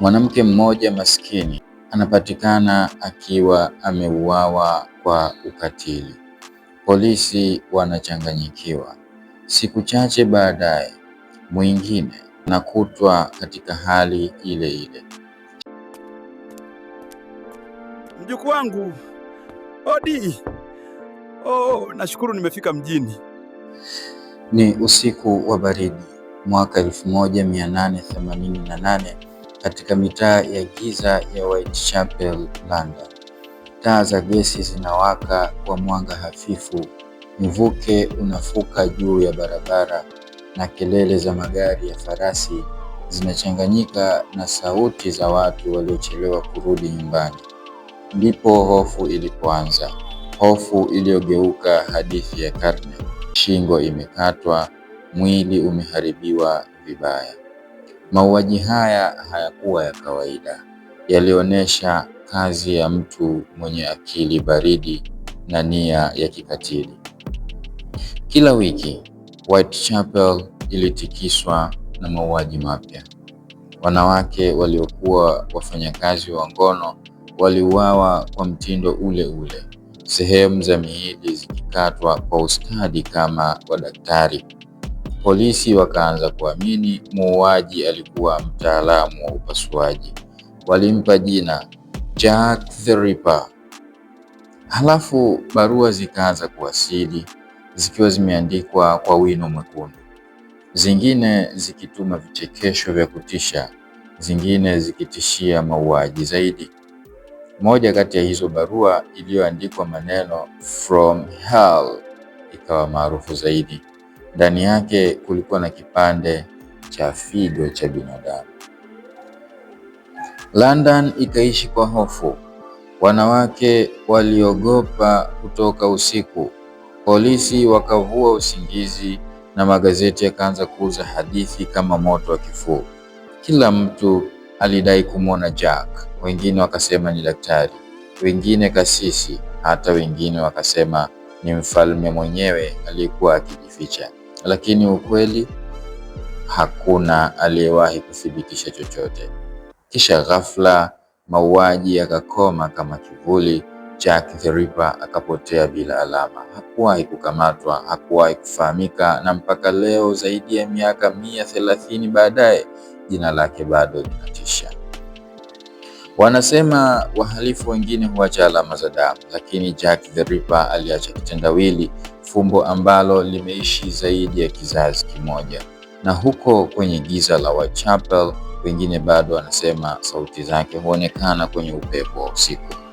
Mwanamke mmoja maskini anapatikana akiwa ameuawa kwa ukatili. Polisi wanachanganyikiwa. Siku chache baadaye mwingine anakutwa katika hali ile ile. Mjukuu wangu Odi. Oh, nashukuru nimefika mjini. Ni usiku wa baridi mwaka 1888 katika mitaa ya giza ya Whitechapel, London. Taa za gesi zinawaka kwa mwanga hafifu, mvuke unafuka juu ya barabara na kelele za magari ya farasi zinachanganyika na sauti za watu waliochelewa kurudi nyumbani. Ndipo hofu ilipoanza, hofu iliyogeuka hadithi ya karne. Shingo imekatwa, mwili umeharibiwa vibaya. Mauaji haya hayakuwa ya kawaida, yalionyesha kazi ya mtu mwenye akili baridi na nia ya kikatili. Kila wiki Whitechapel ilitikiswa na mauaji mapya. Wanawake waliokuwa wafanyakazi wa ngono waliuawa kwa mtindo ule ule, sehemu za miili zikikatwa kwa ustadi kama wadaktari. Polisi wakaanza kuamini muuaji alikuwa mtaalamu wa upasuaji. Walimpa jina Jack the Ripper. Halafu barua zikaanza kuwasili zikiwa zimeandikwa kwa wino mwekundu, zingine zikituma vichekesho vya kutisha, zingine zikitishia mauaji zaidi. Moja kati ya hizo barua iliyoandikwa maneno from hell ikawa maarufu zaidi. Ndani yake kulikuwa na kipande cha figo cha binadamu. London ikaishi kwa hofu. Wanawake waliogopa kutoka usiku. Polisi wakavua usingizi na magazeti yakaanza kuuza hadithi kama moto wa kifuu. Kila mtu alidai kumwona Jack. Wengine wakasema ni daktari, wengine kasisi, hata wengine wakasema ni mfalme mwenyewe aliyekuwa akijificha lakini ukweli hakuna aliyewahi kuthibitisha chochote. Kisha ghafla mauaji yakakoma kama kivuli. Jack the Ripper akapotea bila alama. Hakuwahi kukamatwa, hakuwahi kufahamika, na mpaka leo, zaidi ya miaka mia thelathini baadaye, jina lake bado linatisha. Wanasema wahalifu wengine huacha alama za damu, lakini Jack the Ripper aliacha kitendawili fumbo ambalo limeishi zaidi ya kizazi kimoja, na huko kwenye giza la Whitechapel wengine bado wanasema sauti zake huonekana kwenye upepo wa usiku.